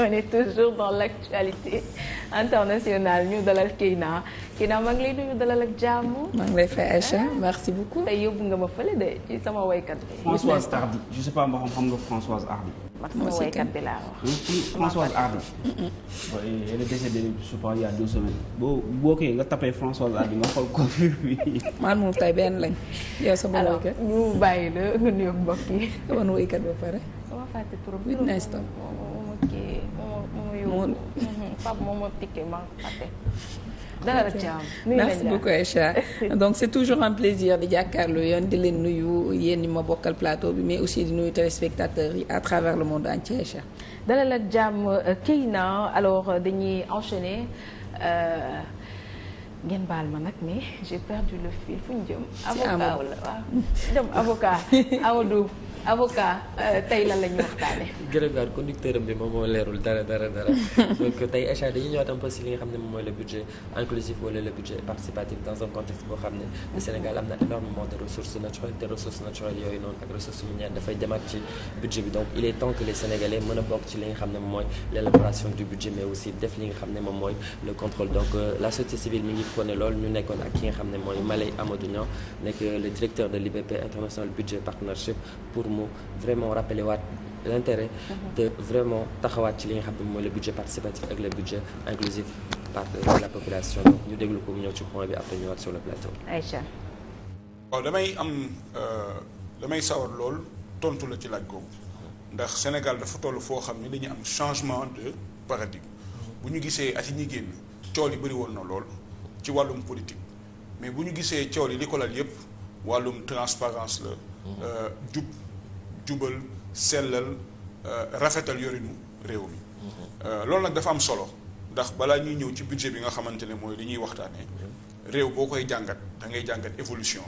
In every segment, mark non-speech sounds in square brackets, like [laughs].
on est toujours dans l' actualité internationale ñu dalal Keina Keina maa ngi lay nuyu dalal ak jàmm. maa ngi lay fay Aïcha merci beaucoup. tey yóbbu nga ma fële de ci sama waykat bi. Françoise Hardy je sais pas ma xam nga Françoise Hardy. man waykat bi laa wax. Françoise Hardy. elle est décédée je sais pas il y a deux semaines. boo boo koy nga tapé Françoise Hardy nga xool coiffure bi. maa moom tey benn lañ. yow sama waykat alors ñu bàyyi la nga nuyoog mbokk yi. sama waykat ba pare. sama fàtte trop. kii m yóbbu Pape moom moo piqué ma fàtte merci beaucoup Aïcha donc c'est toujours un plaisir di jàkkaarloo yéen di leen nuyu yéen ñi ma bokkal plateau bi mais aussi di nuyu téléspectateurs yi à travers le monde entier Aïcha dalal ak jàmm euh, Keyna alors euh, dañuy enchaîner euh, ngeen baal ma nag mais j'ai perdu le fil fu ñu jëm avocat wala waaw jëm avocat [laughs] Amadou avocat euh, tey lan la ñuy waxtaanee. gërëmaat conducteur am bi moom moo leerul dara [laughs] donc tey Aïcha dañuy ñëwaat un peu si nga xam ne moom mooy le budget inclusif wala le budget participatif dans un contexte boo xam ne le Sénégal am na énormément de ressources naturelles te ressources naturelles yooyu noonu ak ressources minières dafay demaat ci budget bi donc il est temps que les Sénégalais mën a bokk ci li nga xam ne moom mooy l' élaboration du budget mais aussi def li nga xam ne moom mooy le euh, la société nekkoon ak ki nga ne mooy Malay Amadou Niang nekk le directeur mu vraiment rappelé waat l'intérêt te mhm. vraiment taxawaat ci li nga xam ne mooy le budget participatif ak le budget inclusif par euh, la population donc ñu déglu ko mu ñëw ci point bi après ñëwaat sur le plateau. damay am euh, damay sawar lool tontu la ci laaj googu ndax Sénégal dafa toll foo xam ne dañu am changement de paradigme bu ñu gisee at yi ñuy génn cool yi bëri woon na lool ci wàllum politique mais bu ñu gisee cool yi li ko lal yëpp wàllum transparence la mhm. euh, jubal sellal euh, rafetal yorinu réew mi euh, loolu nag dafa am solo ndax balaa ñuy ñëw ci budget bi nga xamante ne mooy li ñuy waxtaanee réew boo koy jàngat da ngay jàngat évolution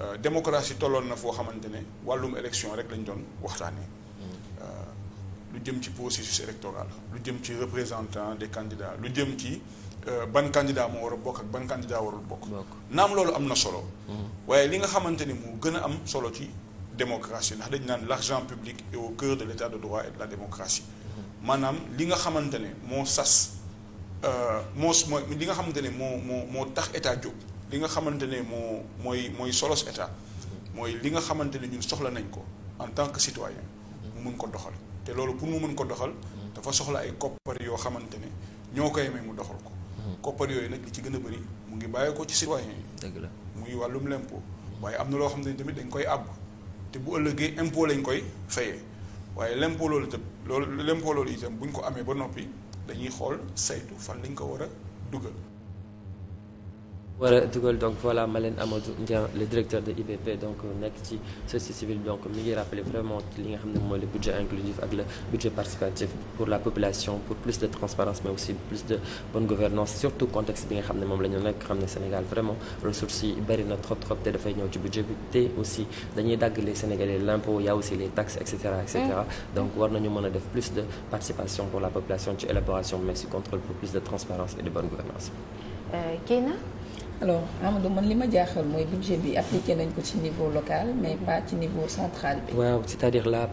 euh, démocratie tolloon na foo xamante ne wàllum élection rek lañ doon waxtaanee lu jëm ci processus électoral lu jëm ci représentant des candidats lu jëm ci ban candidat moo war a bokk ak ban candidat warul bokk naam loolu am na solo mm-hmm. waaye li nga xamante moo gën a am solo ci démocratie ndax dañu naan l' argent public est au cœur de l' état de droit et la démocratie maanaam li nga xamante ne moo sas euh, moo mooy li nga xamante ne moo moo moo tax état jóg li nga xamante ne moo mooy mooy solos état mooy li nga xamante ne ñun soxla nañ ko en tant que citoyen mu mun ko doxal te loolu pour mu mun ko doxal dafa soxla ay koppar yoo xamante ne ñoo koy may mu doxal ko koppar yooyu nag li ci gën a bëri mu ngi bàyyi ko ci citoyen yi muy wàllum lempo waaye am na loo xam ne tamit dañ koy àbb te bu ëllëgee impôt lañ koy fayee waaye l'impôt loolu itam loolu l'impôt loolu itam bu ñu ko amee ba noppi dañuy xool saytu fan lañ ko war a dugal war a dugal donc voilà Malène Amadou Ndiaye le directeur de IBP donc euh, nekk ci société civile donc mi rappeler vraiment li nga xam ne mooy le budget inclusif ak le budget participatif pour la population pour plus de transparence mais aussi plus de bonne gouvernance surtout contexte bi nga xam ne moom la ñu nekk xam ne Sénégal vraiment ressources yi bëri na trop trop te dafay ñëw ci budget bi te aussi dañuy daggale les Sénégalais l'impôt y a aussi les taxes et cetera et mm. mën a def plus de participation pour la population ci élaboration mais aussi contrôle alors Amadou man li ma jaaxal mooy budget ko ci niveau local mais pas ci niveau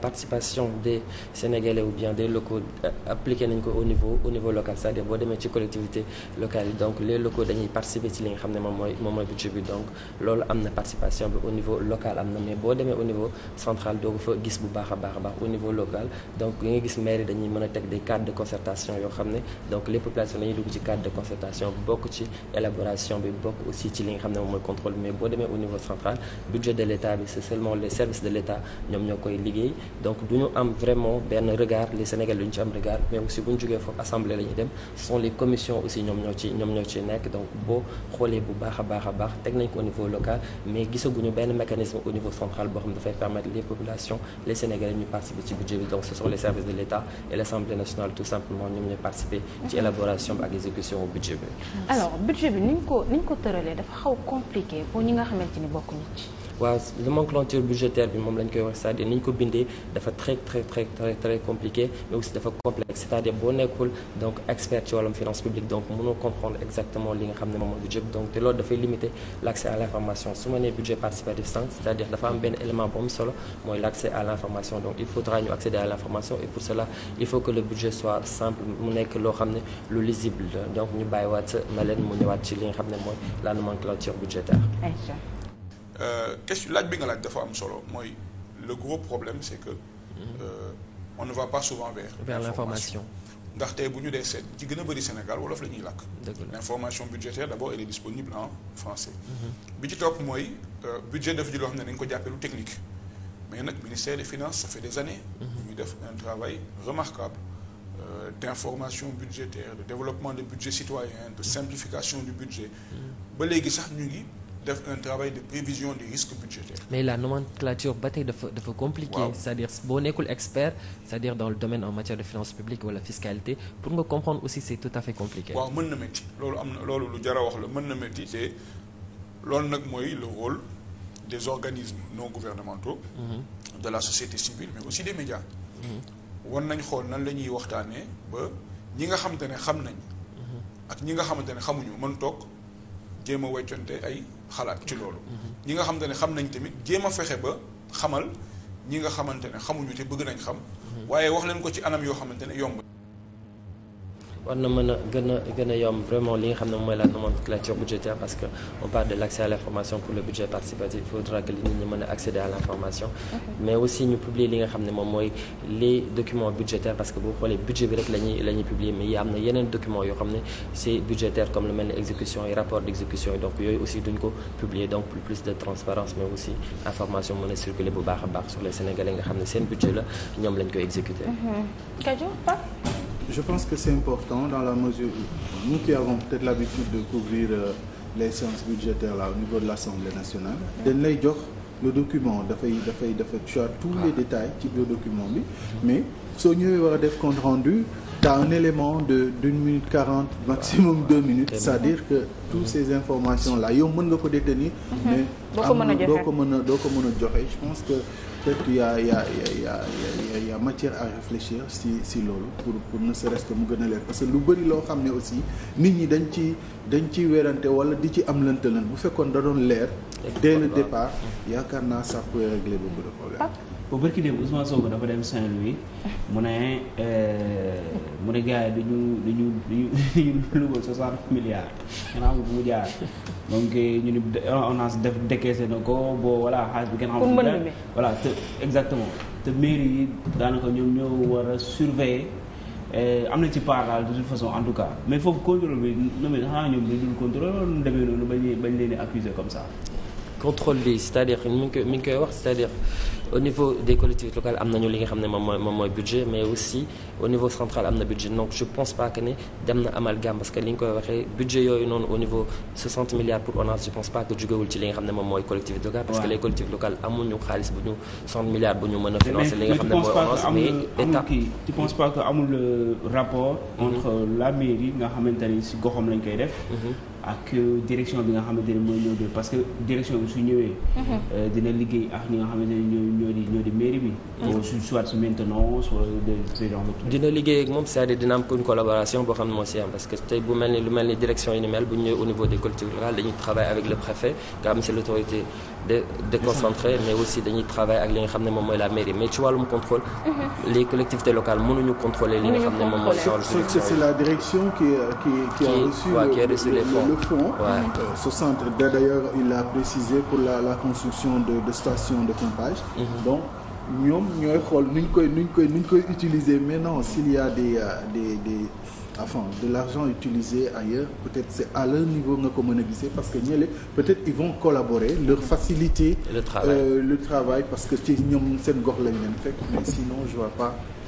participation des Sénégalais ou bien des locaux euh, appliqué nañ ko au niveau au niveau local cest boo demee ci collectivité locale yi donc les locaux dañuy participer ci nga xam ne moom mooy moom mooy budget bi donc loolu am na participation bi au niveau local am na mais boo demee au niveau central doo ko fa gis bu baax a baax a baax au niveau local donc yi nga gis maire yi dañuy mën a teg des cadres de concertation yoo xam ne donc les populations dañuy dugg ci cadre de concertation bokk ci élaboration bi. bokk aussi ci li nga xam ne mooy contrôle mais boo demee au niveau central budget de l'État bi c'est seulement les services de l'État ñoom ñoo koy liggéey donc du ñu am vraiment benn regard les Sénégalais du ñu ci am regard mais bu ñu jógee foofu assemblée la dem ce sont les aussi ñoom ñoo ci ñoom ñoo ci nekk donc boo xoolee bu baax a baax a baax teg au niveau local mais gisaguñu benn mécanisme au niveau central boo xam dafay permettre les populations les tëralee dafa xaw compliqué pour ñi nga xamante ni bokkuñu ci. waaw nomenclature budgétaire bi moom lañ koy wax c'est-à-dire ni ñu ko bindee dafa très très très très très compliqué mais aussi dafa complexe c'est-à-dire boo nekkul donc expert ci wàllum finance publique donc mënoo comprendre exactement li nga xam ne moom mooy budget bi donc te loolu dafay limiter l'accès à l'information su ma nee budget participatif sànq c'est-à-dire dafa am benn élément bu am solo mooy l'accès à l'information donc il faudra faut que le budget soit simple mu nekk loo xam ne lu lisible donc ñu bàyyiwaat ma leen mu ñëwaat ci li nga xam ne mooy la Euh, question laaj bi nga laaj dafa am solo mooy le gros problème c'est que mhm. euh, on ne va pas souvent vers vers l'information ndax tey bu ñu dee seet ci gën a bëri Sénégal wolof la ñuy làkk l'information budgétaire d'abord elle est disponible en français mhm. bi ci topp mooy euh, budget dafa ji loo xam ne dañ ko jàppee lu technique mais nag ministère des finances ça fait des années mhm. ñu def un travail remarquable euh, d'information budgétaire de développement de budget citoyen de simplification du budget ba léegi sax ñu ngi def un travail de prévision des risques budgétaires. mais la nomenclature ba tey dafa dafa compliqué waaw. c'est-à-dire boo nekkul expert cest dire dans le domaine en matière de finances publiques wala fiscalité pour nga comprendre aussi c'est tout à fait compliqué. waaw mën na métti loolu am na lu jar a wax la mën na métti te loolu nag mooy le rôle des organismes non gouvernementaux. Mhm. de la société civile mais aussi des médias. Mhm. war nañ xool nan la ñuy ba mhm. a xalaat ci loolu. ñi nga xamante ne xam nañ tamit jéem a fexe ba xamal ñi nga xamante ne xamuñu te bëgg nañ xam. Mm-hmm. waaye wax leen ko ci anam yoo xamante ne yomb war na mën a gën a gën a yomb vraiment li nga xam ne mooy la nomenclature budgétaire parce que on parle de l'accès à l'information pour le budget participatif il a accéder moom mooy les documents budgétaires parce que boo xoolee budget bi rek la ñuy la ñuy publier mais yi am na yeneen documents yoo xam ne c'est budgétaire rapport d'exécution yooyu aussi duñ ko publier donc plus de transparence mais aussi information mën a circuler bu baax a baax sur les Sénégalais nga xam ne seen budget la ñoom lañ koy exécuter mhm. Je pense que c'est important dans la mesure où nous qui avons peut-être l'habitude de couvrir euh, les séances budgétaires là, au niveau de l'Assemblée nationale dañ lay jox le document dafay dafay dafa tu as tous les détails ci biir document bi mais soo ñëwee war a def compte rendu t'as un élément de d'une minute quarante maximum deux minutes c'est-à-dire que toutes ces informations là yow mën nga ko détenir mhm. mais doo ko mën a joxe je pense que peut-être y a y a y a y a y a matière à réfléchir si si loolu pour pour ne serait-ce mu gën a leer parce que lu bëri loo xam ne aussi nit ñi dañ ci dañ ciy weerante wala di ci am lënt bu fekkoon da doon leer. dès le départ yaakaar naa ça peut régler beaucoup de problèmes. ba barki démb Ousmane Sonko dafa dem Saint-Louis mu ne euh, mu ne gars yi dañu dañu dañu dañu lugal soixante milliards kenn xamul mu jaar donc ñu ni on a def décaissé na ko boo voilà xaalis bi kenn xamul voilà te exactement te mairie yi daanaka ñoom ñoo war a surveiller euh, am na ci part daal de toute façon en tout cas mais foofu contrôle bi non mais xanaa loolu demee bañ bañ leen di accuser comme ça contrôle bi c'est-à-dire mi ngi koy mi wax c'est-à-dire au niveau des collectivités locales am nañu li nga xam ne moom mooy budget mais aussi au niveau central am na budget donc je pense pas que ne dem na amalgame parce que li nga koy waxee budget yooyu noonu au niveau 60 milliards pour ONAS je pense pas que jugewul ci li nga xam ne moom mooy collectivité locale parce que les collectivités locales amuñu xaalis bu ñu milliards bu ñu mën a financer li nga ak euh, direction bi nga xamante ne mooy ñëw bi parce que direction bi su ñëwee. Mhm. Euh, dina liggéey ak ñi nga xamante ne ñoo ñoo di ñoo di mairie bi. Mhm. su soit su maintenance dina liggéey ak moom cest à dina am une collaboration boo xam ne moo si am parce que tey bu mel ni lu mel ni direction yi bu ñu au niveau des collectivités locales dañuy travailler avec le préfet nga am c'est l'autorité de déconcentrer mais aussi dañuy travailler ak li nga xam ne moom mooy la mairie mais ci wàllum contrôle. Mhm. les collectivités locales mënuñu contrôler li nga xam ne moom la direction qui euh, qui qui a reçu le, qui mhm. euh, ce centre d'ailleurs il a précisé pour la la construction de de stations de pompage. Mm -hmm. donc ñoom ñooy xool nuñ koy nuñ koy nuñ koy utiliser s'il y a des. Euh, enfin de l'argent utilisé ailleurs peut-être c'est à leur niveau nga ko mën a gisee parce que ñële peut-être ils vont collaborer leur faciliter le travail, euh, le travail parce que ci ñoom seen gox lañ leen fekk mais sinon je vois pas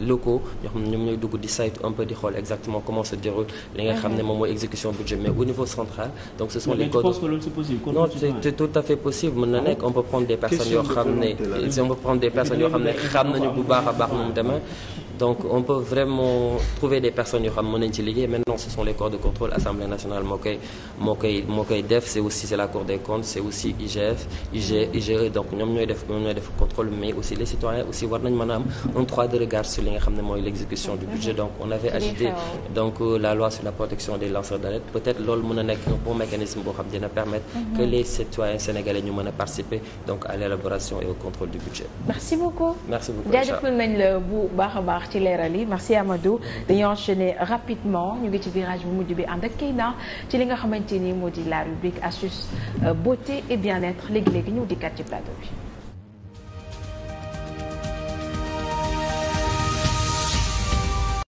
locaux ñoo xam ne ñoom ñooy dugg di saytu un peu di xool exactement comment se déroule li nga xam ne ah, moom mooy ah. exécution budget mais au niveau central donc ce sont les codes non c'est tout à fait possible mën na ah nekk on peut prendre des personnes yoo xam ne on peut prendre des personnes yoo xam ne xam nañu bu baax a baax moom demain donc on peut vraiment trouver des personnes yoo maintenant ce sont les corps de contrôle assemblée nationale moo def c' aussi c' la cour des comptes c' aussi IGF IGE donc ñoom ñooy def contrôle mais aussi les citoyens aussi war am un droit de regard sur li nga xam ne mooy du budget on avait agité euh, la loi sur la protection des lanceurs d' alerte peut être loolu mën a nekk un bon mécanisme boo xam mhm. que baax ci leeral yi merci Amadou dañuy enchaîner rapidement ñu ngi ci virage bu mujj bi ànd ak Keyna ci li nga xamante ni moo di la rubrique astuce euh, beauté et bien-être léegi-léegi ñëw dikkat ci plateau bi